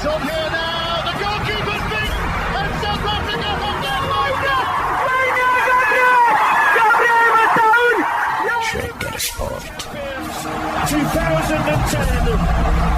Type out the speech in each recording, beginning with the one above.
It's on here now. The goalkeeper's beaten, and South Africa have done 2010.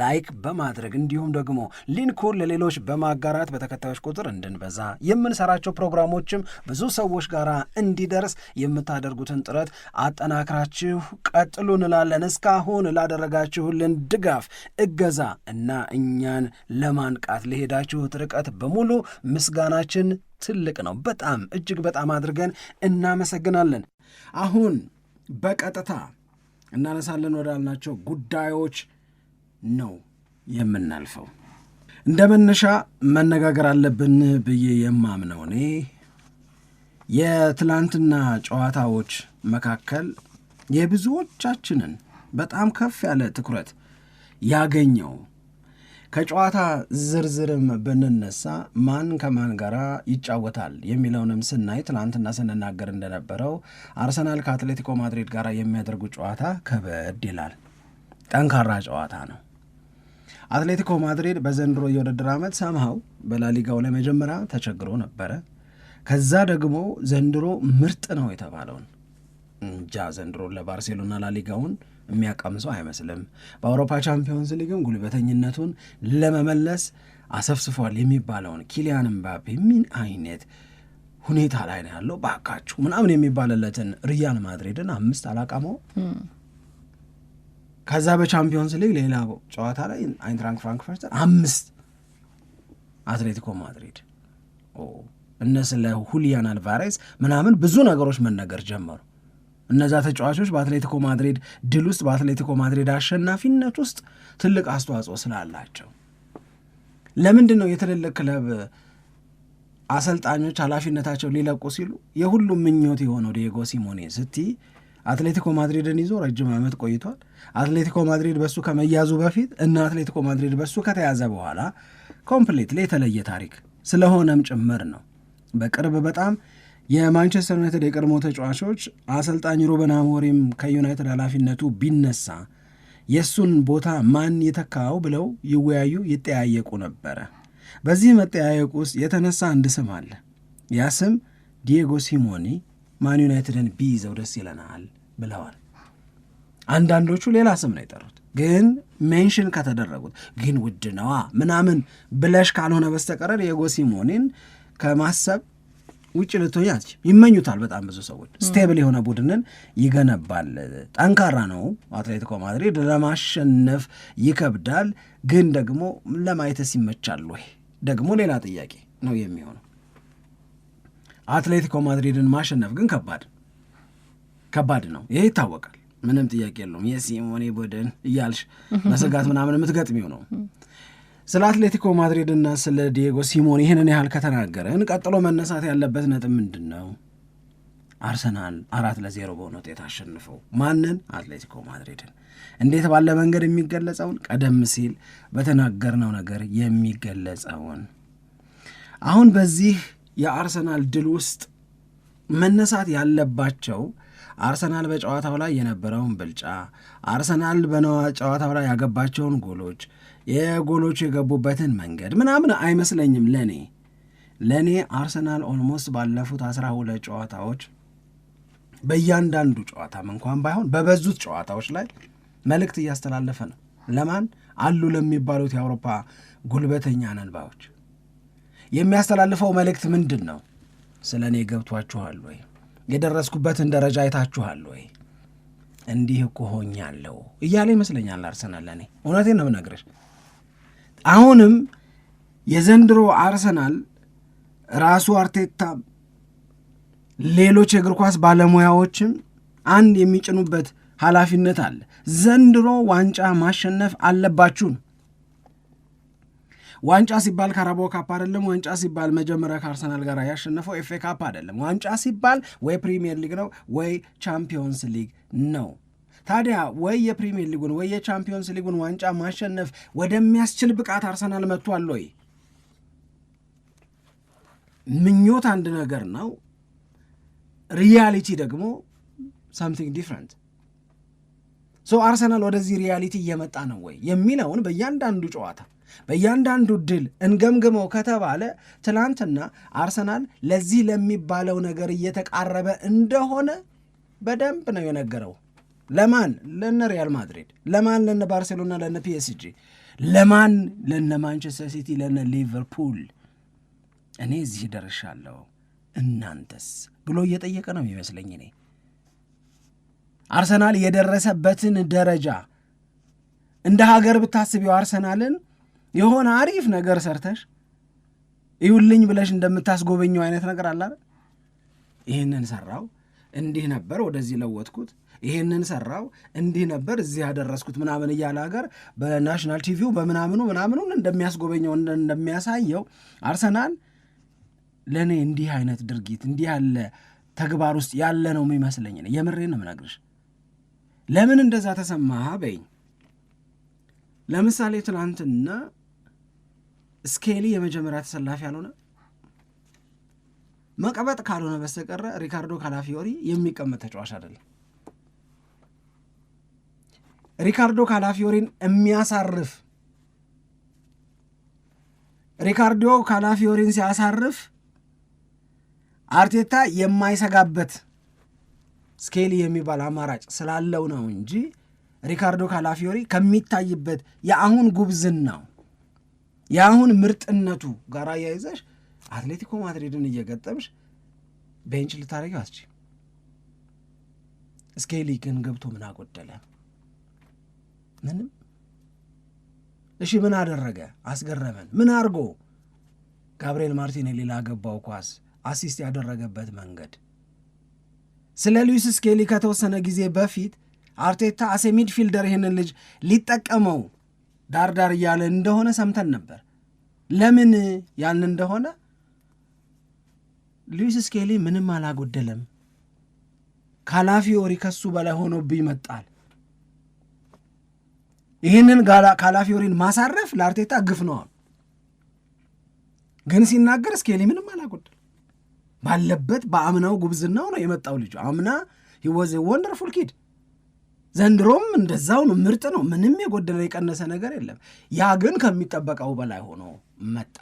ላይክ በማድረግ እንዲሁም ደግሞ ሊንኩን ለሌሎች በማጋራት በተከታዮች ቁጥር እንድንበዛ የምንሰራቸው ፕሮግራሞችም ብዙ ሰዎች ጋር እንዲደርስ የምታደርጉትን ጥረት አጠናክራችሁ ቀጥሉ እንላለን። እስካሁን ላደረጋችሁልን ድጋፍ፣ እገዛ እና እኛን ለማንቃት ለሄዳችሁት ርቀት በሙሉ ምስጋናችን ትልቅ ነው። በጣም እጅግ በጣም አድርገን እናመሰግናለን። አሁን በቀጥታ እናነሳለን ወዳልናቸው ጉዳዮች ነው የምናልፈው። እንደ መነሻ መነጋገር አለብን ብዬ የማምነው እኔ የትላንትና ጨዋታዎች መካከል የብዙዎቻችንን በጣም ከፍ ያለ ትኩረት ያገኘው ከጨዋታ ዝርዝርም ብንነሳ ማን ከማን ጋር ይጫወታል የሚለውንም ስናይ ትናንትና ስንናገር እንደነበረው አርሰናል ከአትሌቲኮ ማድሪድ ጋር የሚያደርጉ ጨዋታ ከበድ ይላል። ጠንካራ ጨዋታ ነው። አትሌቲኮ ማድሪድ በዘንድሮ የውድድር ዓመት ሰምሃው በላሊጋው ለመጀመሪያ ተቸግሮ ነበረ። ከዛ ደግሞ ዘንድሮ ምርጥ ነው የተባለውን እንጃ ዘንድሮ ለባርሴሎና ላሊጋውን የሚያቀምሰው አይመስልም። በአውሮፓ ቻምፒዮንስ ሊግም ጉልበተኝነቱን ለመመለስ አሰፍስፏል የሚባለውን ኪሊያን ምባፔ ምን አይነት ሁኔታ ላይ ነው ያለው? ባካችሁ ምናምን የሚባልለትን ሪያል ማድሪድን አምስት አላቃመው ከዛ በቻምፒዮንስ ሊግ ሌላ ጨዋታ ላይ አይንትራንክ ፍራንክፈርተን አምስት አትሌቲኮ ማድሪድ እነስ ለሁሊያን አልቫሬስ ምናምን ብዙ ነገሮች መነገር ጀመሩ። እነዛ ተጫዋቾች በአትሌቲኮ ማድሪድ ድል ውስጥ በአትሌቲኮ ማድሪድ አሸናፊነት ውስጥ ትልቅ አስተዋጽኦ ስላላቸው ለምንድን ነው የትልልቅ ክለብ አሰልጣኞች ኃላፊነታቸው ሊለቁ ሲሉ የሁሉም ምኞት የሆነው ዲየጎ ሲሞኔ ስቲ አትሌቲኮ ማድሪድን ይዞ ረጅም ዓመት ቆይቷል። አትሌቲኮ ማድሪድ በሱ ከመያዙ በፊት እና አትሌቲኮ ማድሪድ በሱ ከተያዘ በኋላ ኮምፕሌትሊ የተለየ ታሪክ ስለሆነም ጭምር ነው። በቅርብ በጣም የማንቸስተር ዩናይትድ የቀድሞ ተጫዋቾች አሰልጣኝ ሩበን አሞሪም ከዩናይትድ ኃላፊነቱ ቢነሳ የእሱን ቦታ ማን የተካው ብለው ይወያዩ ይጠያየቁ ነበረ። በዚህ መጠያየቁ ውስጥ የተነሳ አንድ ስም አለ። ያ ስም ዲየጎ ሲሞኒ ማን ዩናይትድን ቢይዘው ደስ ይለናል ብለዋል። አንዳንዶቹ ሌላ ስም ነው የጠሩት። ግን ሜንሽን ከተደረጉት ግን ውድ ነዋ ምናምን ብለሽ ካልሆነ በስተቀረ የጎ ሲሞኔን ከማሰብ ውጭ ልትሆኝ ይመኙታል በጣም ብዙ ሰዎች። ስቴብል የሆነ ቡድንን ይገነባል። ጠንካራ ነው። አትሌቲኮ ማድሪድ ለማሸነፍ ይከብዳል። ግን ደግሞ ለማየትስ ይመቻል ወይ ደግሞ ሌላ ጥያቄ ነው የሚሆነው። አትሌቲኮ ማድሪድን ማሸነፍ ግን ከባድ ከባድ ነው። ይሄ ይታወቃል፣ ምንም ጥያቄ የለውም። የሲሞኔ ቡድን እያልሽ በስጋት ምናምን የምትገጥሚው ነው። ስለ አትሌቲኮ ማድሪድ እና ስለ ዲየጎ ሲሞኔ ይህንን ያህል ከተናገረን ቀጥሎ መነሳት ያለበት ነጥብ ምንድን ነው? አርሰናል አራት ለዜሮ በሆነ ውጤት አሸንፈው ማንን? አትሌቲኮ ማድሪድን። እንዴት ባለ መንገድ የሚገለጸውን ቀደም ሲል በተናገርነው ነገር የሚገለጸውን አሁን በዚህ የአርሰናል ድል ውስጥ መነሳት ያለባቸው አርሰናል በጨዋታው ላይ የነበረውን ብልጫ፣ አርሰናል ጨዋታው ላይ ያገባቸውን ጎሎች፣ የጎሎቹ የገቡበትን መንገድ ምናምን አይመስለኝም። ለእኔ ለእኔ አርሰናል ኦልሞስት ባለፉት አስራ ሁለት ጨዋታዎች በእያንዳንዱ ጨዋታም እንኳን ባይሆን በበዙት ጨዋታዎች ላይ መልእክት እያስተላለፈ ነው። ለማን አሉ ለሚባሉት የአውሮፓ ጉልበተኛ ነንባዎች የሚያስተላልፈው መልእክት ምንድን ነው? ስለ እኔ ገብቷችኋል ወይም የደረስኩበትን ደረጃ አይታችኋል ወይ? እንዲህ እኮ ሆኛለሁ እያለ ይመስለኛል አርሰናል። ለእኔ እውነቴን ነው የምነግርሽ። አሁንም የዘንድሮ አርሰናል ራሱ አርቴታ፣ ሌሎች የእግር ኳስ ባለሙያዎችም አንድ የሚጭኑበት ኃላፊነት አለ። ዘንድሮ ዋንጫ ማሸነፍ አለባችሁ ነው ዋንጫ ሲባል ካራቦ ካፕ አይደለም። ዋንጫ ሲባል መጀመሪያ ከአርሰናል ጋር ያሸነፈው ኤፍ ኤ ካፕ አይደለም። ዋንጫ ሲባል ወይ ፕሪሚየር ሊግ ነው ወይ ቻምፒዮንስ ሊግ ነው። ታዲያ ወይ የፕሪሚየር ሊጉን ወይ የቻምፒዮንስ ሊጉን ዋንጫ ማሸነፍ ወደሚያስችል ብቃት አርሰናል መጥቷል ወይ? ምኞት አንድ ነገር ነው፣ ሪያሊቲ ደግሞ ሳምቲንግ ዲፍረንት ሰው አርሰናል ወደዚህ ሪያሊቲ እየመጣ ነው ወይ የሚለውን በእያንዳንዱ ጨዋታ በእያንዳንዱ ድል እንገምግመው ከተባለ ትናንትና አርሰናል ለዚህ ለሚባለው ነገር እየተቃረበ እንደሆነ በደንብ ነው የነገረው። ለማን ለነ ሪያል ማድሪድ፣ ለማን ለነ ባርሴሎና፣ ለነ ፒኤስጂ፣ ለማን ለነ ማንቸስተር ሲቲ፣ ለነ ሊቨርፑል እኔ እዚህ ደርሻለሁ እናንተስ ብሎ እየጠየቀ ነው የሚመስለኝ እኔ አርሰናል የደረሰበትን ደረጃ እንደ ሀገር ብታስቢው አርሰናልን የሆነ አሪፍ ነገር ሰርተሽ ይሁልኝ ብለሽ እንደምታስጎበኘው አይነት ነገር አለ። ይህንን ሰራው እንዲህ ነበር፣ ወደዚህ ለወጥኩት፣ ይህንን ሰራው እንዲህ ነበር፣ እዚህ ያደረስኩት ምናምን እያለ ሀገር በናሽናል ቲቪው በምናምኑ ምናምኑን እንደሚያስጎበኘው እንደሚያሳየው አርሰናል ለእኔ እንዲህ አይነት ድርጊት እንዲህ ያለ ተግባር ውስጥ ያለ ነው የሚመስለኝ። የምሬን ነው የምነግርሽ። ለምን እንደዛ ተሰማ በይኝ። ለምሳሌ ትናንትና ስኬሊ የመጀመሪያ ተሰላፊ ያልሆነ መቀበጥ ካልሆነ በስተቀረ ሪካርዶ ካላፊዮሪ የሚቀመጥ ተጫዋች አይደለም። ሪካርዶ ካላፊዮሪን የሚያሳርፍ ሪካርዶ ካላፊዮሪን ሲያሳርፍ አርቴታ የማይሰጋበት ስኬሊ የሚባል አማራጭ ስላለው ነው እንጂ ሪካርዶ ካላፊዮሪ ከሚታይበት የአሁን ጉብዝናው የአሁን ምርጥነቱ ጋር አያይዘሽ አትሌቲኮ ማድሪድን እየገጠምሽ ቤንች ልታደረግ አስች ስኬሊ ግን ገብቶ ምን አጎደለ? ምንም። እሺ ምን አደረገ? አስገረመን። ምን አድርጎ? ጋብርኤል ማርቲኔሊ ላገባው ኳስ አሲስት ያደረገበት መንገድ ስለ ሉዊስ ስኬሊ ከተወሰነ ጊዜ በፊት አርቴታ አሴ ሚድፊልደር ይህንን ልጅ ሊጠቀመው ዳርዳር እያለ እንደሆነ ሰምተን ነበር። ለምን ያልን እንደሆነ ሉዊስ ስኬሊ ምንም አላጎደለም፣ ካላፊዮሪ ከሱ በላይ ሆኖብ ይመጣል። ይህንን ካላፊዮሪን ማሳረፍ ለአርቴታ ግፍ ነው ግን ሲናገር ስኬሊ ምንም አላጎደለም ባለበት በአምናው ጉብዝናው ነው የመጣው ልጁ። አምና ሂወዝ ወንደርፉል ኪድ፣ ዘንድሮም እንደዛው ነው። ምርጥ ነው። ምንም የጎደለ የቀነሰ ነገር የለም። ያ ግን ከሚጠበቀው በላይ ሆኖ መጣ።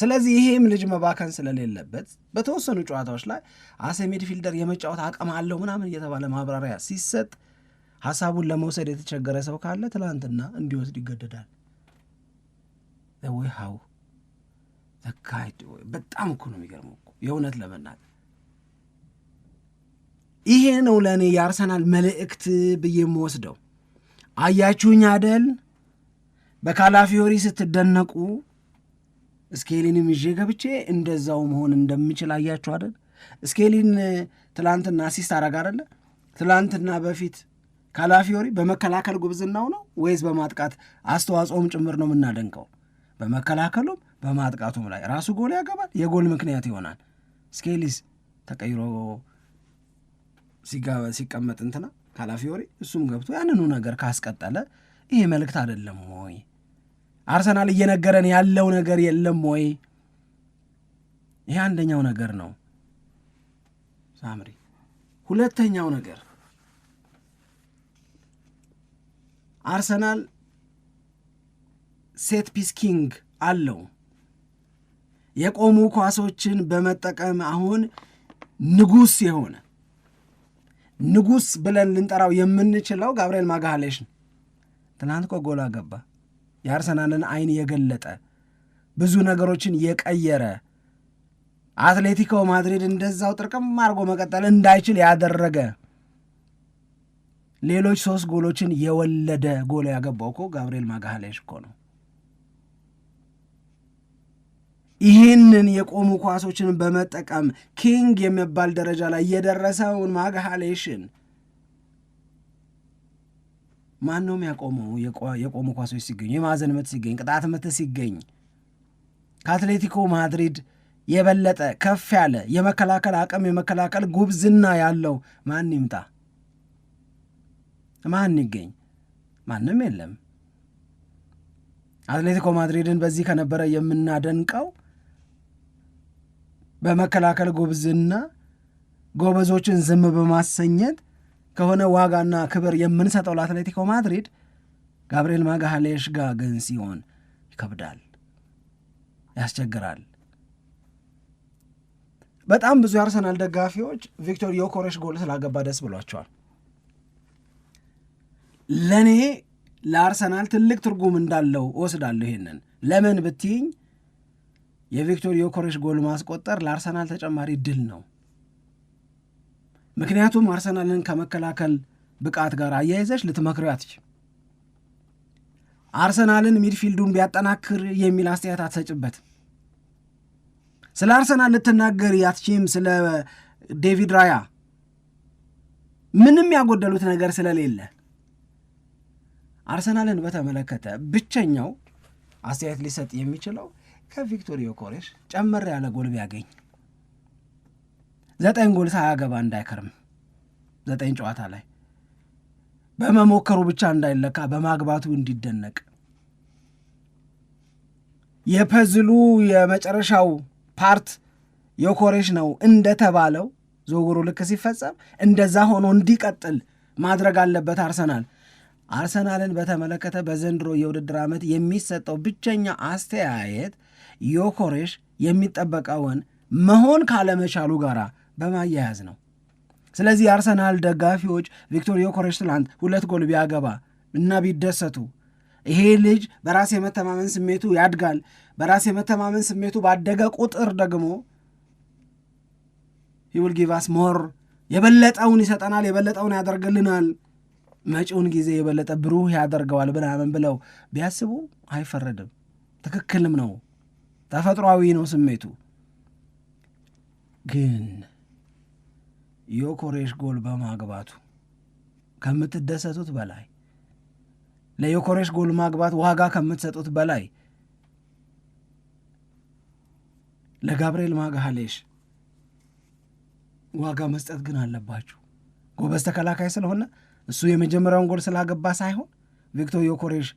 ስለዚህ ይሄም ልጅ መባከን ስለሌለበት በተወሰኑ ጨዋታዎች ላይ አሴ ሚድፊልደር የመጫወት አቅም አለው ምናምን እየተባለ ማብራሪያ ሲሰጥ ሀሳቡን ለመውሰድ የተቸገረ ሰው ካለ ትናንትና እንዲወስድ ይገደዳል። ወይ ሀው በጣም እኮ ነው የሚገርመው የእውነት ለመናገር ይሄ ነው ለእኔ የአርሰናል መልእክት ብዬ የምወስደው። አያችሁኝ አደል በካላፊዮሪ ስትደነቁ ስኬሊንም ይዤ ገብቼ እንደዛው መሆን እንደምችል አያችሁ አደል። ስኬሊን ትላንትና አሲስት አረግ አደለ። ትላንትና በፊት ካላፊዮሪ በመከላከል ጉብዝናው ነው ወይስ በማጥቃት አስተዋጽኦም ጭምር ነው የምናደንቀው? በመከላከሉም በማጥቃቱም ላይ ራሱ ጎል ያገባል፣ የጎል ምክንያት ይሆናል። ስኬሊስ ተቀይሮ ሲቀመጥ እንትና ወሬ እሱም ገብቶ ያንኑ ነገር ካስቀጠለ ይሄ መልእክት አይደለም ወይ? አርሰናል እየነገረን ያለው ነገር የለም ወይ? ይሄ አንደኛው ነገር ነው ሳምሪ። ሁለተኛው ነገር አርሰናል ሴት ፒስ ኪንግ አለው የቆሙ ኳሶችን በመጠቀም አሁን ንጉስ የሆነ ንጉስ ብለን ልንጠራው የምንችለው ጋብርኤል ማጋሃሌሽ ነው። ትናንት እኮ ጎል አገባ። የአርሰናልን አይን የገለጠ ብዙ ነገሮችን የቀየረ አትሌቲኮ ማድሪድ እንደዛው ጥርቅም አድርጎ መቀጠል እንዳይችል ያደረገ ሌሎች ሶስት ጎሎችን የወለደ ጎል ያገባው እኮ ጋብርኤል ማጋሌሽ እኮ ነው። ይህንን የቆሙ ኳሶችን በመጠቀም ኪንግ የሚባል ደረጃ ላይ የደረሰውን ማግሃሌሽን ማን ያቆመው? የቆሙ ኳሶች ሲገኙ፣ የማዕዘን ምት ሲገኝ፣ ቅጣት ምት ሲገኝ ከአትሌቲኮ ማድሪድ የበለጠ ከፍ ያለ የመከላከል አቅም የመከላከል ጉብዝና ያለው ማን ይምጣ? ማን ይገኝ? ማንም የለም። አትሌቲኮ ማድሪድን በዚህ ከነበረ የምናደንቀው በመከላከል ጉብዝና ጎበዞችን ዝም በማሰኘት ከሆነ ዋጋና ክብር የምንሰጠው ለአትሌቲኮ ማድሪድ ጋብርኤል ማጋሃሌሽ ጋር ግን ሲሆን ይከብዳል፣ ያስቸግራል። በጣም ብዙ የአርሰናል ደጋፊዎች ቪክቶር ዮኮሬሽ ጎል ስላገባ ደስ ብሏቸዋል። ለእኔ ለአርሰናል ትልቅ ትርጉም እንዳለው እወስዳለሁ። ይሄንን ለምን ብትይኝ የቪክቶር ዮኮሬሽ ጎል ማስቆጠር ለአርሰናል ተጨማሪ ድል ነው። ምክንያቱም አርሰናልን ከመከላከል ብቃት ጋር አያይዘሽ ልትመክሪ አርሰናልን ሚድፊልዱን ቢያጠናክር የሚል አስተያየት አትሰጭበትም። ስለ አርሰናል ልትናገር ያትችም ስለ ዴቪድ ራያ ምንም ያጎደሉት ነገር ስለሌለ አርሰናልን በተመለከተ ብቸኛው አስተያየት ሊሰጥ የሚችለው ከቪክቶር ዮኬሬስ ጨመር ያለ ጎል ቢያገኝ ዘጠኝ ጎል ሳያገባ እንዳይከርም ዘጠኝ ጨዋታ ላይ በመሞከሩ ብቻ እንዳይለካ በማግባቱ እንዲደነቅ የፐዝሉ የመጨረሻው ፓርት ዮኮሬሽ ነው እንደተባለው ዝውውሩ ልክ ሲፈጸም እንደዛ ሆኖ እንዲቀጥል ማድረግ አለበት አርሰናል። አርሰናልን በተመለከተ በዘንድሮ የውድድር ዓመት የሚሰጠው ብቸኛ አስተያየት ዮኮሬሽ የሚጠበቀውን መሆን ካለመቻሉ ጋር በማያያዝ ነው። ስለዚህ የአርሰናል ደጋፊዎች ቪክቶር ዮኮሬሽ ትላንት ሁለት ጎል ቢያገባ እና ቢደሰቱ ይሄ ልጅ በራስ የመተማመን ስሜቱ ያድጋል፣ በራስ የመተማመን ስሜቱ ባደገ ቁጥር ደግሞ ሂውል ጊቫስ ሞር የበለጠውን ይሰጠናል፣ የበለጠውን ያደርግልናል፣ መጪውን ጊዜ የበለጠ ብሩህ ያደርገዋል ብናምን ብለው ቢያስቡ አይፈረድም፣ ትክክልም ነው። ተፈጥሯዊ ነው ስሜቱ። ግን ዮኮሬሽ ጎል በማግባቱ ከምትደሰቱት በላይ ለዮኮሬሽ ጎል ማግባት ዋጋ ከምትሰጡት በላይ ለጋብርኤል ማግሃሌሽ ዋጋ መስጠት ግን አለባችሁ። ጎበዝ ተከላካይ ስለሆነ እሱ የመጀመሪያውን ጎል ስላገባ ሳይሆን ቪክቶር ዮኮሬሽ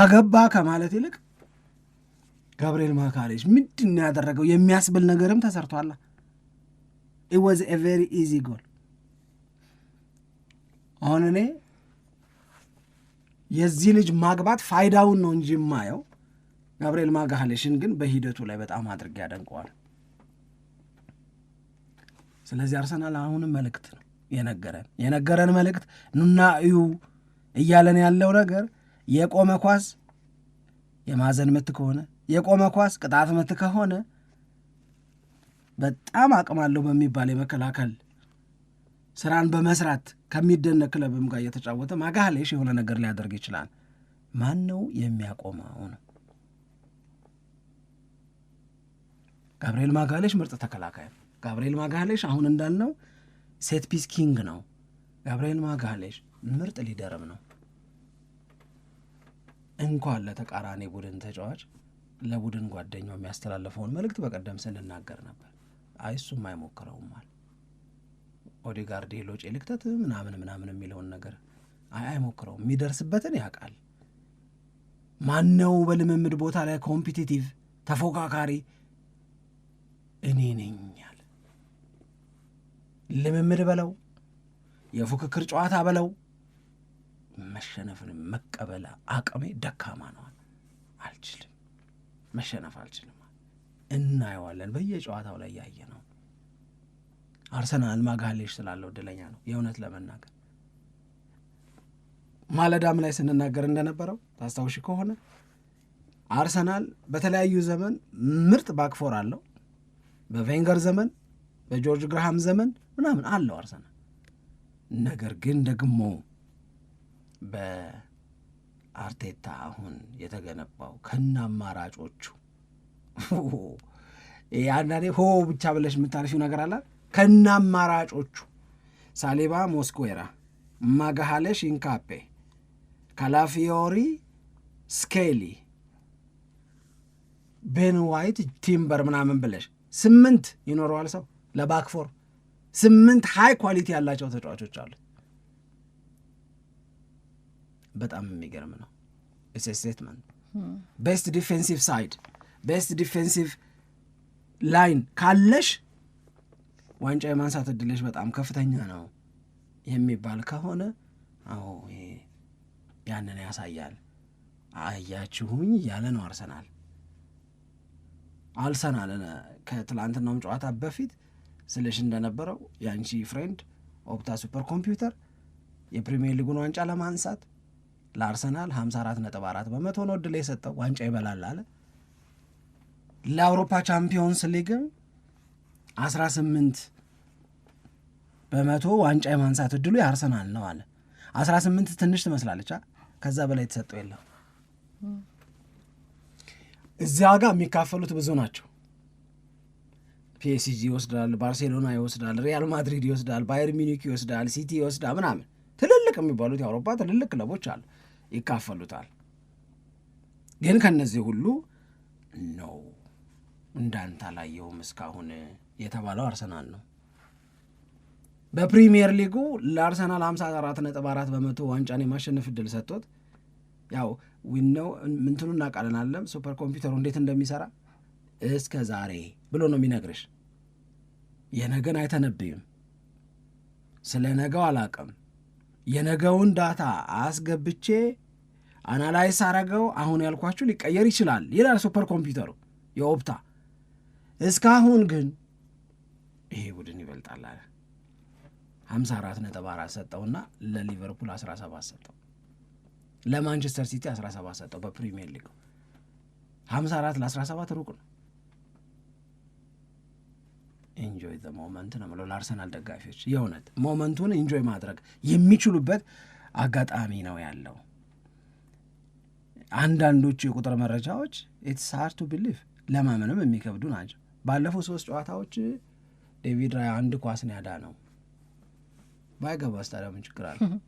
አገባ ከማለት ይልቅ ጋብርኤል ማካሌጅ ምንድን ነው ያደረገው የሚያስብል ነገርም ተሰርቷላ። ኢት ዋዝ ኤ ኢዚ ጎል። አሁን እኔ የዚህ ልጅ ማግባት ፋይዳውን ነው እንጂ የማየው ጋብርኤል ማጋሌሽን ግን በሂደቱ ላይ በጣም አድርጌ ያደንቀዋል። ስለዚህ አርሰናል አሁንም መልእክት ነው የነገረን የነገረን መልእክት ኑና እዩ እያለን ያለው ነገር የቆመ ኳስ የማዘን ምት ከሆነ የቆመ ኳስ ቅጣት ምት ከሆነ በጣም አቅም አለው በሚባል የመከላከል ስራን በመስራት ከሚደነቅ ክለብም ጋር እየተጫወተ ማጋሌሽ የሆነ ነገር ሊያደርግ ይችላል። ማን ነው የሚያቆመው? ነው ጋብርኤል ማጋሌሽ ምርጥ ተከላካይ ነው። ጋብርኤል ማጋሌሽ አሁን እንዳልነው ሴት ፒስ ኪንግ ነው። ጋብርኤል ማጋሌሽ ምርጥ ሊደርም ነው። እንኳን ለተቃራኒ ቡድን ተጫዋች ለቡድን ጓደኛው የሚያስተላለፈውን መልእክት በቀደም ስንናገር ነበር። አይ እሱም አይሞክረውም አለ ኦዴጋርድ ሎጭ ልክተት ምናምን ምናምን የሚለውን ነገር አይ አይሞክረውም። የሚደርስበትን ያውቃል። ማነው በልምምድ ቦታ ላይ ኮምፒቲቲቭ ተፎካካሪ እኔ ነኝ አለ። ልምምድ በለው የፉክክር ጨዋታ በለው መሸነፍን መቀበል አቅሜ ደካማ ነዋል፣ አልችልም መሸነፍ አልችልም። እናየዋለን በየጨዋታው ላይ ያየ ነው። አርሰናል ማጋሌሽ ስላለው እድለኛ ነው። የእውነት ለመናገር ማለዳም ላይ ስንናገር እንደነበረው ታስታውሽ ከሆነ አርሰናል በተለያዩ ዘመን ምርጥ ባክፎር አለው። በቬንገር ዘመን፣ በጆርጅ ግርሃም ዘመን ምናምን አለው አርሰናል ነገር ግን ደግሞ አርቴታ አሁን የተገነባው ከነ አማራጮቹ አንዳንዴ ሆ ብቻ ብለሽ የምታርፊው ነገር አላ ከነ አማራጮቹ ሳሊባ፣ ሞስኩዌራ፣ ማጋሃሌሽ፣ ኢንካፔ፣ ካላፊዮሪ፣ ስኬሊ፣ ቤን ዋይት፣ ቲምበር ምናምን ብለሽ ስምንት ይኖረዋል ሰው ለባክፎር ስምንት ሃይ ኳሊቲ ያላቸው ተጫዋቾች አሉት። በጣም የሚገርም ነው። ስቴትመንት ቤስት ዲፌንሲቭ ሳይድ ቤስት ዲፌንሲቭ ላይን ካለሽ ዋንጫ የማንሳት እድልሽ በጣም ከፍተኛ ነው የሚባል ከሆነ አዎ ያንን ያሳያል። አያችሁኝ እያለ ነው አርሰናል አልሰናል ከትላንትናውም ጨዋታ በፊት ስልሽ እንደነበረው የአንቺ ፍሬንድ ኦፕታ ሱፐር ኮምፒውተር የፕሪሚየር ሊጉን ዋንጫ ለማንሳት ለአርሰናል 54 በመቶ ነው እድል የሰጠው ዋንጫ ይበላል አለ። ለአውሮፓ ቻምፒዮንስ ሊግም 18 በመቶ ዋንጫ የማንሳት እድሉ የአርሰናል ነው አለ። 18 ትንሽ ትመስላለች፣ ከዛ በላይ የተሰጠው የለም። እዚያ ጋር የሚካፈሉት ብዙ ናቸው። ፒኤስጂ ይወስዳል፣ ባርሴሎና ይወስዳል፣ ሪያል ማድሪድ ይወስዳል፣ ባየር ሚኒክ ይወስዳል፣ ሲቲ ይወስዳል ምናምን ትልልቅ የሚባሉት የአውሮፓ ትልልቅ ክለቦች አሉ። ይካፈሉታል። ግን ከነዚህ ሁሉ ነው እንዳንተ አላየሁም እስካሁን የተባለው አርሰናል ነው። በፕሪሚየር ሊጉ ለአርሰናል 54 ነጥብ 4 በመቶ ዋንጫን የማሸነፍ እድል ሰጥቶት ያው ዊነው ምንትኑ እናውቃለን አለም ሱፐር ኮምፒውተሩ እንዴት እንደሚሰራ እስከ ዛሬ ብሎ ነው የሚነግርሽ። የነገን አይተነብይም። ስለ ነገው አላቅም የነገውን ዳታ አስገብቼ አናላይስ አረገው አሁን ያልኳችሁ ሊቀየር ይችላል ይላል ሱፐር ኮምፒውተሩ የኦፕታ። እስካሁን ግን ይሄ ቡድን ይበልጣል አለ 54 ነጥብ 4 ሰጠውና ለሊቨርፑል 17 ሰጠው፣ ለማንቸስተር ሲቲ 17 ሰጠው። በፕሪሚየር ሊግ 54 ለ17 ሩቅ ነው። ኢንጆይ ዘ ሞመንት ነው ምለው ለአርሰናል ደጋፊዎች የእውነት ሞመንቱን ኢንጆይ ማድረግ የሚችሉበት አጋጣሚ ነው ያለው። አንዳንዶቹ የቁጥር መረጃዎች ኢትስ ሃርድ ቱ ቢሊቭ ለማመንም የሚከብዱ ናቸው። ባለፉት ሶስት ጨዋታዎች ዴቪድ ራያ አንድ ኳስ ነው ያዳ ነው ባይገባ ስታዲያ ምን ችግር አለ?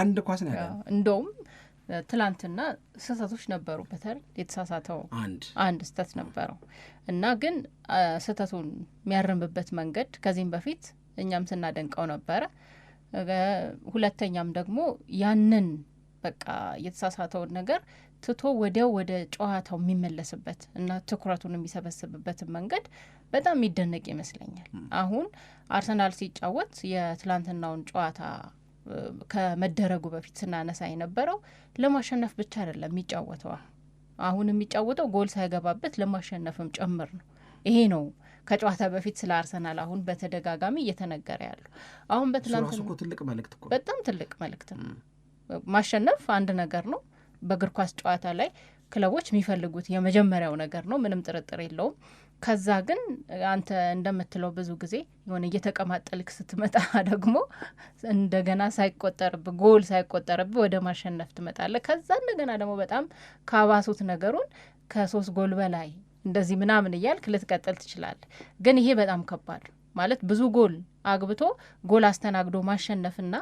አንድ ኳስ ነው ያዳ ነው እንደውም ትላንትና ስህተቶች ነበሩበታል አይደል? የተሳሳተው አንድ ስህተት ነበረው እና ግን ስህተቱን የሚያርምበት መንገድ ከዚህም በፊት እኛም ስናደንቀው ነበረ። ሁለተኛም ደግሞ ያንን በቃ የተሳሳተውን ነገር ትቶ ወዲያው ወደ ጨዋታው የሚመለስበት እና ትኩረቱን የሚሰበስብበትን መንገድ በጣም የሚደነቅ ይመስለኛል። አሁን አርሰናል ሲጫወት የትላንትናውን ጨዋታ ከመደረጉ በፊት ስናነሳ የነበረው ለማሸነፍ ብቻ አይደለም የሚጫወተው። አሁን የሚጫወተው ጎል ሳይገባበት ለማሸነፍም ጭምር ነው። ይሄ ነው ከጨዋታ በፊት ስለ አርሰናል አሁን በተደጋጋሚ እየተነገረ ያሉ አሁን በትላንት ትልቅ መልእክት በጣም ትልቅ መልእክት ነው። ማሸነፍ አንድ ነገር ነው። በእግር ኳስ ጨዋታ ላይ ክለቦች የሚፈልጉት የመጀመሪያው ነገር ነው፣ ምንም ጥርጥር የለውም። ከዛ ግን አንተ እንደምትለው ብዙ ጊዜ የሆነ እየተቀማጠልክ ስትመጣ ደግሞ እንደገና ሳይቆጠርብ ጎል ሳይቆጠርብ ወደ ማሸነፍ ትመጣለህ። ከዛ እንደገና ደግሞ በጣም ካባሱት ነገሩን ከሶስት ጎል በላይ እንደዚህ ምናምን እያልክ ልትቀጥል ትችላለህ። ግን ይሄ በጣም ከባድ ማለት ብዙ ጎል አግብቶ ጎል አስተናግዶ ማሸነፍና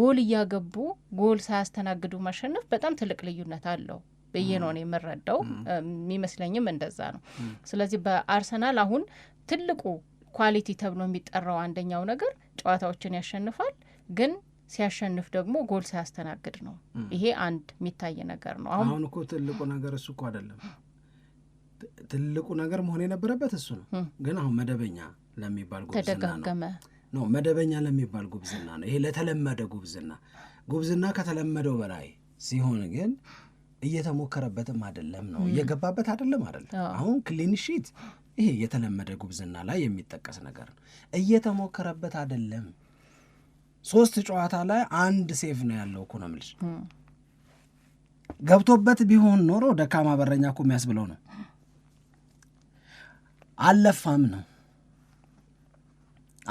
ጎል እያገቡ ጎል ሳያስተናግዱ ማሸነፍ በጣም ትልቅ ልዩነት አለው። ብዬ ነው የምረዳው። የሚመስለኝም እንደዛ ነው። ስለዚህ በአርሰናል አሁን ትልቁ ኳሊቲ ተብሎ የሚጠራው አንደኛው ነገር ጨዋታዎችን ያሸንፋል ግን ሲያሸንፍ ደግሞ ጎል ሳያስተናግድ ነው። ይሄ አንድ የሚታይ ነገር ነው። አሁን አሁን እኮ ትልቁ ነገር እሱ እኮ አይደለም። ትልቁ ነገር መሆን የነበረበት እሱ ነው። ግን አሁን መደበኛ ለሚባል ተደጋገመ ነው፣ መደበኛ ለሚባል ጉብዝና ነው። ይሄ ለተለመደ ጉብዝና ጉብዝና ከተለመደው በላይ ሲሆን ግን እየተሞከረበትም አይደለም ነው እየገባበት አይደለም አይደለም። አሁን ክሊን ሺት ይሄ የተለመደ ጉብዝና ላይ የሚጠቀስ ነገር ነው። እየተሞከረበት አይደለም። ሶስት ጨዋታ ላይ አንድ ሴቭ ነው ያለው እኮ ነው የምልሽ። ገብቶበት ቢሆን ኖሮ ደካማ በረኛ እኮ የሚያስብለው ነው። አለፋም ነው።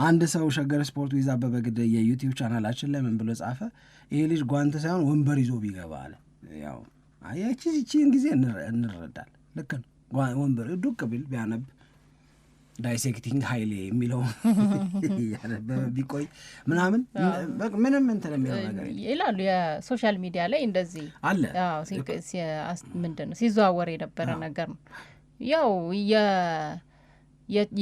አንድ ሰው ሸገር ስፖርት ዊዝ አበበ ግደይ የዩቲዩብ ቻናላችን ላይ ምን ብሎ ጻፈ? ይሄ ልጅ ጓንት ሳይሆን ወንበር ይዞ ቢገባ አለ ያው ያቺ ዚቺን ጊዜ እንረዳል። ልክ ነው። ወንበር ዱቅ ቢል ቢያነብ ዳይሴክቲንግ ሀይሌ የሚለው ያነበበ ቢቆይ ምናምን ምንም እንትን የሚለው ነገር ይላሉ። የሶሻል ሚዲያ ላይ እንደዚህ አለ ምንድን ነው ሲዘዋወር የነበረ ነገር ነው ያው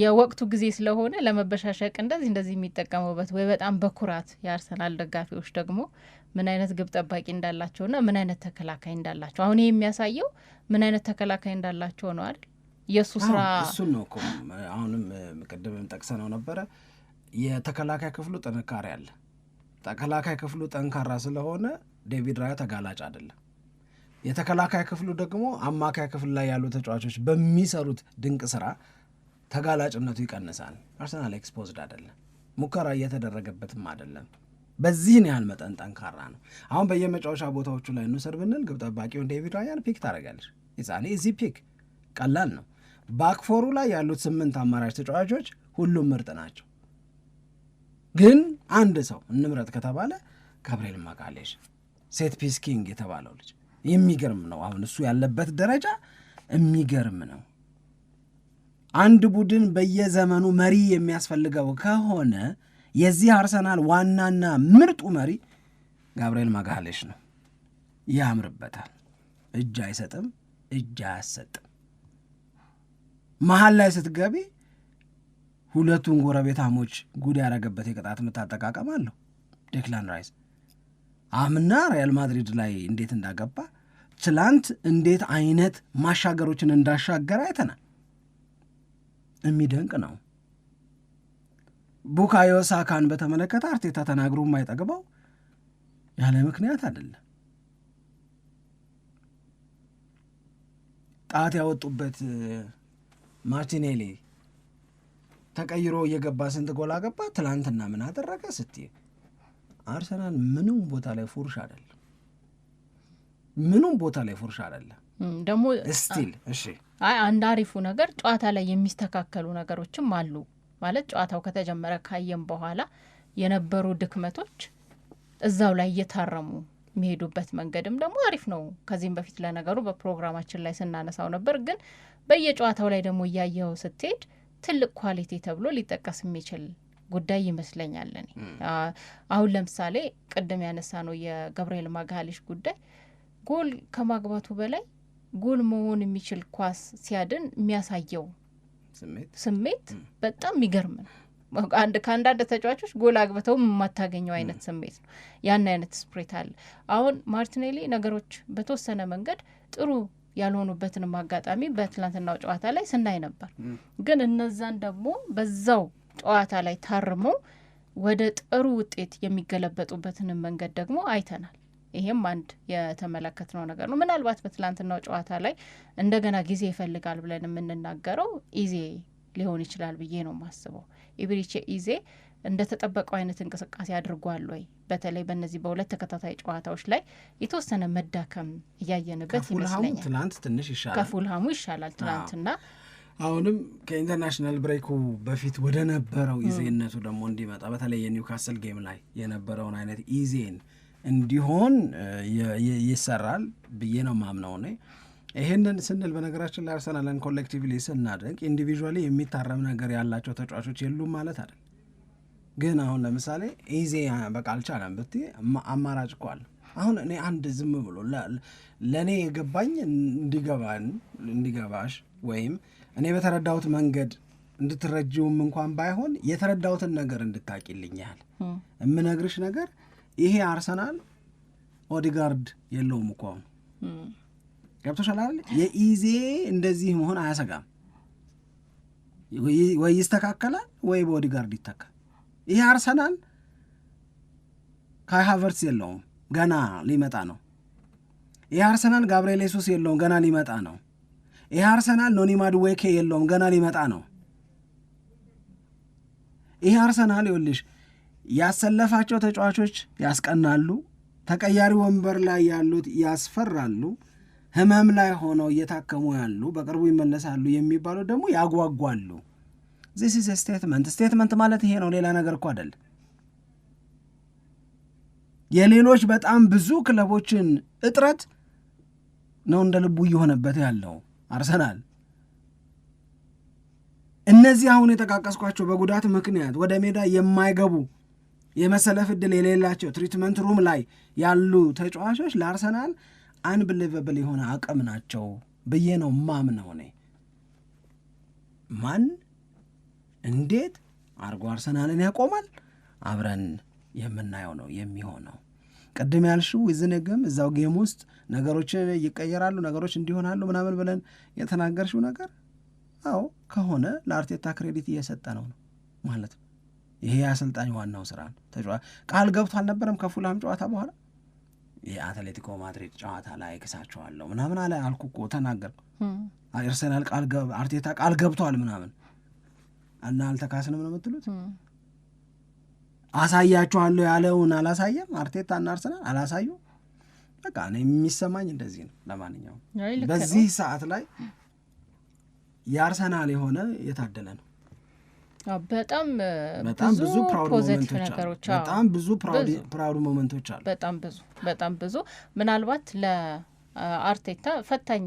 የወቅቱ ጊዜ ስለሆነ ለመበሻሸቅ እንደዚህ እንደዚህ የሚጠቀሙበት ወይ በጣም በኩራት የአርሰናል ደጋፊዎች ደግሞ ምን አይነት ግብ ጠባቂ እንዳላቸውና ምን አይነት ተከላካይ እንዳላቸው አሁን ይህ የሚያሳየው ምን አይነት ተከላካይ እንዳላቸው ነው አይደል? የእሱ ስራ እሱን ነው እኮ አሁንም ቅድምም ጠቅሰ ነው ነበረ የተከላካይ ክፍሉ ጥንካሬ አለ። ተከላካይ ክፍሉ ጠንካራ ስለሆነ ዴቪድ ራያ ተጋላጭ አይደለም። የተከላካይ ክፍሉ ደግሞ አማካይ ክፍል ላይ ያሉ ተጫዋቾች በሚሰሩት ድንቅ ስራ ተጋላጭነቱ ይቀንሳል። አርሰናል ኤክስፖዝድ አይደለም፣ ሙከራ እየተደረገበትም አይደለም። በዚህን ያህል መጠን ጠንካራ ነው። አሁን በየመጫወቻ ቦታዎቹ ላይ እንውሰድ ብንል ግብ ጠባቂውን ዴቪድ ራያን ፒክ ታደርጋለች። ይጻኔ እዚህ ፒክ ቀላል ነው። ባክፎሩ ላይ ያሉት ስምንት አማራጭ ተጫዋቾች ሁሉም ምርጥ ናቸው። ግን አንድ ሰው እንምረጥ ከተባለ ገብርኤል ማጋሌሽ ሴት ፒስ ኪንግ የተባለው ልጅ የሚገርም ነው። አሁን እሱ ያለበት ደረጃ የሚገርም ነው። አንድ ቡድን በየዘመኑ መሪ የሚያስፈልገው ከሆነ የዚህ አርሰናል ዋናና ምርጡ መሪ ጋብርኤል ማጋሌሽ ነው። ያምርበታል። እጅ አይሰጥም፣ እጅ አያሰጥም። መሀል ላይ ስትገቢ ሁለቱን ጎረቤታሞች ጉድ ያደረገበት የቅጣት ምት አጠቃቀም አለው። ዴክላን ራይስ አምና ሪያል ማድሪድ ላይ እንዴት እንዳገባ፣ ትላንት እንዴት አይነት ማሻገሮችን እንዳሻገረ አይተናል። የሚደንቅ ነው። ቡካዮ ሳካን በተመለከተ አርቴታ ተናግሮ የማይጠግበው ያለ ምክንያት አይደለም። ጣት ያወጡበት ማርቲኔሊ ተቀይሮ እየገባ ስንት ጎል አገባ፣ ትላንትና ምን አደረገ ስት አርሰናል ምንም ቦታ ላይ ፉርሽ አይደለም። ምንም ቦታ ላይ ፉርሽ አይደለም። ደግሞ ስቲል እሺ፣ አይ አንድ አሪፉ ነገር ጨዋታ ላይ የሚስተካከሉ ነገሮችም አሉ ማለት ጨዋታው ከተጀመረ ካየም በኋላ የነበሩ ድክመቶች እዛው ላይ እየታረሙ የሚሄዱበት መንገድም ደግሞ አሪፍ ነው። ከዚህም በፊት ለነገሩ በፕሮግራማችን ላይ ስናነሳው ነበር፣ ግን በየጨዋታው ላይ ደግሞ እያየኸው ስትሄድ ትልቅ ኳሊቲ ተብሎ ሊጠቀስ የሚችል ጉዳይ ይመስለኛል። እኔ አሁን ለምሳሌ ቅድም ያነሳ ነው የገብርኤል ማጋሊሽ ጉዳይ ጎል ከማግባቱ በላይ ጎል መሆን የሚችል ኳስ ሲያድን የሚያሳየው ስሜት በጣም የሚገርም ነው። ከአንዳንድ ተጫዋቾች ጎል አግብተው የማታገኘው አይነት ስሜት ነው። ያን አይነት ስፕሬት አለ። አሁን ማርቲኔሊ ነገሮች በተወሰነ መንገድ ጥሩ ያልሆኑበትንም አጋጣሚ በትላንትናው ጨዋታ ላይ ስናይ ነበር። ግን እነዛን ደግሞ በዛው ጨዋታ ላይ ታርሞ ወደ ጥሩ ውጤት የሚገለበጡበትንም መንገድ ደግሞ አይተናል። ይሄም አንድ የተመለከትነው ነገር ነው። ምናልባት በትላንትናው ጨዋታ ላይ እንደገና ጊዜ ይፈልጋል ብለን የምንናገረው ኢዜ ሊሆን ይችላል ብዬ ነው የማስበው። ኢብሪቼ ኢዜ እንደ ተጠበቀው አይነት እንቅስቃሴ አድርጓል ወይ? በተለይ በእነዚህ በሁለት ተከታታይ ጨዋታዎች ላይ የተወሰነ መዳከም እያየንበት ይመስለኛል። ትናንት ትንሽ ይሻላል፣ ከፉልሃሙ ይሻላል ትናንትና አሁንም ከኢንተርናሽናል ብሬኩ በፊት ወደ ነበረው ኢዜነቱ ደግሞ እንዲመጣ በተለይ የኒውካስል ጌም ላይ የነበረውን አይነት ኢዜን እንዲሆን ይሰራል ብዬ ነው ማምነው እኔ። ይህንን ስንል በነገራችን ላይ አርሰናልን ኮሌክቲቭሊ ስናደንቅ ኢንዲቪዥዋሊ የሚታረም ነገር ያላቸው ተጫዋቾች የሉም ማለት አይደል። ግን አሁን ለምሳሌ ኢዜ በቃ አልቻለም ብት አማራጭ ኳል አሁን እኔ አንድ ዝም ብሎ ለእኔ የገባኝ እንዲገባን እንዲገባሽ ወይም እኔ በተረዳሁት መንገድ እንድትረጅውም እንኳን ባይሆን የተረዳሁትን ነገር እንድታቂልኛል የምነግርሽ ነገር ይሄ አርሰናል ኦዲጋርድ የለውም እኮ አሁን ገብቶሻል የኢዜ እንደዚህ መሆን አያሰጋም። ወይ ይስተካከላል ወይ በኦዲጋርድ ይተካል። ይሄ አርሰናል ካይ ሃቨርትስ የለውም ገና ሊመጣ ነው። ይህ አርሰናል ጋብርኤል ሱስ የለውም ገና ሊመጣ ነው። ይህ አርሰናል ኖኒ ማድዌኬ የለውም ገና ሊመጣ ነው። ይህ አርሰናል ይኸውልሽ ያሰለፋቸው ተጫዋቾች ያስቀናሉ፣ ተቀያሪ ወንበር ላይ ያሉት ያስፈራሉ፣ ህመም ላይ ሆነው እየታከሙ ያሉ በቅርቡ ይመለሳሉ የሚባሉ ደግሞ ያጓጓሉ። ዚስ ኢዝ ስቴትመንት። ስቴትመንት ማለት ይሄ ነው፣ ሌላ ነገር እኮ አይደለም። የሌሎች በጣም ብዙ ክለቦችን እጥረት ነው እንደ ልቡ እየሆነበት ያለው አርሰናል። እነዚህ አሁን የጠቃቀስኳቸው በጉዳት ምክንያት ወደ ሜዳ የማይገቡ የመሰለፍ እድል የሌላቸው ትሪትመንት ሩም ላይ ያሉ ተጫዋቾች ለአርሰናል አንብሌቨብል የሆነ አቅም ናቸው ብዬ ነው ማምነው። እኔ ማን እንዴት አርጎ አርሰናልን ያቆማል አብረን የምናየው ነው የሚሆነው። ቅድም ያልሽው ዝንግም እዛው ጌም ውስጥ ነገሮች ይቀየራሉ፣ ነገሮች እንዲሆናሉ ምናምን ብለን የተናገርሽው ነገር አዎ ከሆነ ለአርቴታ ክሬዲት እየሰጠ ነው ነው ማለት ነው። ይሄ አሰልጣኝ ዋናው ስራ ነው። ቃል ገብቶ አልነበረም ከፉላም ጨዋታ በኋላ የአትሌቲኮ ማድሪድ ጨዋታ ላይ ክሳቸዋለሁ ምናምን አለ አልኩ እኮ ተናገርኩ። አርሰናል ቃል አርቴታ ቃል ገብቷል ምናምን እና አልተካስንም ነው የምትሉት? አሳያችኋለሁ ያለውን አላሳየም። አርቴታ እና አርሰናል አላሳዩ። በቃ እኔ የሚሰማኝ እንደዚህ ነው። ለማንኛውም በዚህ ሰዓት ላይ የአርሰናል የሆነ የታደለ ነው። በጣም ብዙ ፖዘቲቭ ነገሮች በጣም ብዙ ፕራውድ ሞመንቶች አሉ። በጣም ብዙ በጣም ብዙ ምናልባት ለአርቴታ ፈታኝ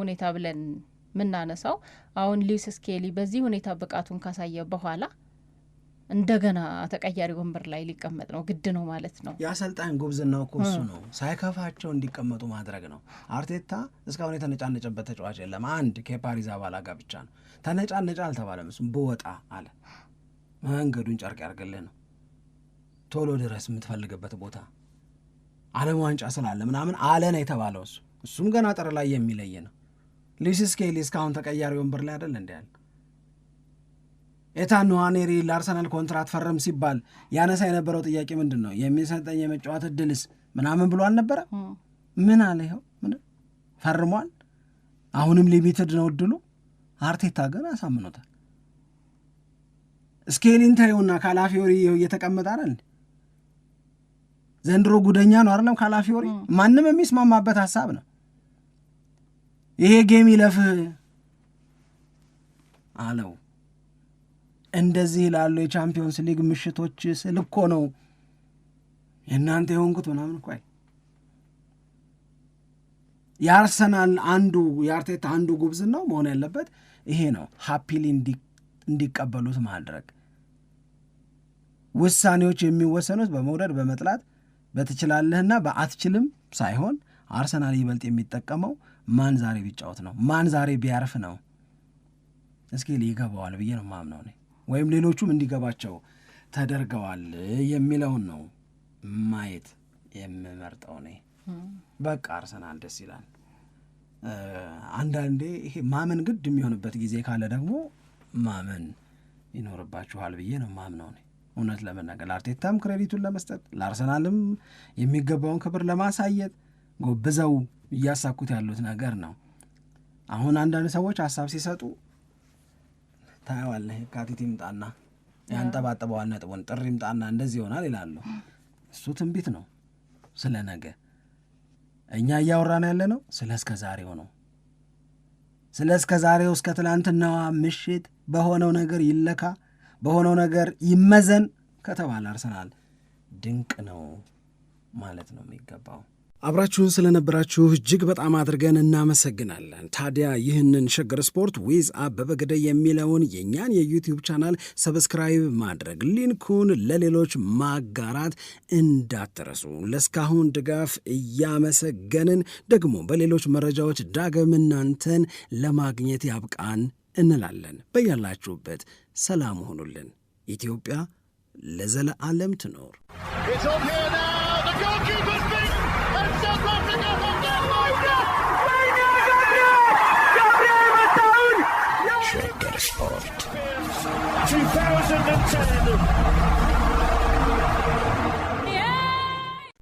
ሁኔታ ብለን የምናነሳው አሁን ሊስ ስኬሊ በዚህ ሁኔታ ብቃቱን ካሳየ በኋላ እንደገና ተቀያሪ ወንበር ላይ ሊቀመጥ ነው ግድ ነው ማለት ነው። የአሰልጣኝ ጉብዝናው እኮ እሱ ነው፣ ሳይከፋቸው እንዲቀመጡ ማድረግ ነው። አርቴታ እስካሁን የተነጫነጨበት ተጫዋች የለም። አንድ ከፓሪዝ አባላ ጋር ብቻ ነው ተነጫነጫ አልተባለም። እሱም ብወጣ አለ መንገዱን ጨርቅ ያርግልህ ነው ቶሎ ድረስ የምትፈልግበት ቦታ ዓለም ዋንጫ ስላለ ምናምን አለ ነው የተባለው። እሱ እሱም ገና ጥር ላይ የሚለይ ነው። ሊስስኬሊ እስካሁን ተቀያሪ ወንበር ላይ አይደል እንዲ ኤታን ንዋኔሪ ለአርሰናል ኮንትራት ፈረም ሲባል ያነሳ የነበረው ጥያቄ ምንድን ነው? የሚሰጠኝ የመጫወት እድልስ ምናምን ብሎ አልነበረ? ምን አለ? ይኸው ፈርሟል። አሁንም ሊሚትድ ነው እድሉ። አርቴታ ግን አሳምኖታል። እስኬል ኢንተሪውና ካላፊዮሪ እየተቀመጠ አይደል? ዘንድሮ ጉደኛ ነው አይደለም? ካላፊዮሪ ማንም የሚስማማበት ሀሳብ ነው። ይሄ ጌም ይለፍህ አለው። እንደዚህ ላሉ የቻምፒዮንስ ሊግ ምሽቶች ስል እኮ ነው የእናንተ የሆንኩት ምናምን እኳ የአርሰናል አንዱ የአርቴታ አንዱ ነው መሆን ያለበት ይሄ ነው። ሀፒሊ እንዲቀበሉት ማድረግ ውሳኔዎች የሚወሰኑት በመውደድ በመጥላት በትችላለህና በአትችልም ሳይሆን አርሰናል ይበልጥ የሚጠቀመው ማን ዛሬ ቢጫወት ነው፣ ማን ዛሬ ቢያርፍ ነው። እስኪ ይገባዋል ብዬ ነው ማምነው። ወይም ሌሎቹም እንዲገባቸው ተደርገዋል የሚለውን ነው ማየት የምመርጠው እኔ። በቃ አርሰናል ደስ ይላል። አንዳንዴ ይሄ ማመን ግድ የሚሆንበት ጊዜ ካለ ደግሞ ማመን ይኖርባችኋል ብዬ ነው ማምነው እኔ። እውነት ለመናገር ለአርቴታም ክሬዲቱን ለመስጠት ለአርሰናልም የሚገባውን ክብር ለማሳየት ጎብዘው እያሳኩት ያሉት ነገር ነው። አሁን አንዳንድ ሰዎች ሀሳብ ሲሰጡ ታየዋለህ። የካቲት ይምጣና ያንጠባጥበዋል ነጥቡን፣ ጥር ይምጣና እንደዚህ ይሆናል ይላሉ። እሱ ትንቢት ነው ስለ ነገ። እኛ እያወራን ያለ ነው ስለ እስከ ዛሬው ነው። ስለ እስከ ዛሬው እስከ ትላንትናዋ ምሽት በሆነው ነገር ይለካ፣ በሆነው ነገር ይመዘን ከተባለ አርሰናል ድንቅ ነው ማለት ነው የሚገባው። አብራችሁን ስለነበራችሁ እጅግ በጣም አድርገን እናመሰግናለን። ታዲያ ይህንን ሸገር ስፖርት ዊዝ አበበ ገደይ የሚለውን የእኛን የዩቲዩብ ቻናል ሰብስክራይብ ማድረግ፣ ሊንኩን ለሌሎች ማጋራት እንዳትረሱ። ለእስካሁን ድጋፍ እያመሰገንን ደግሞ በሌሎች መረጃዎች ዳግም እናንተን ለማግኘት ያብቃን እንላለን። በያላችሁበት ሰላም ሆኑልን። ኢትዮጵያ ለዘለዓለም ትኖር። 2010.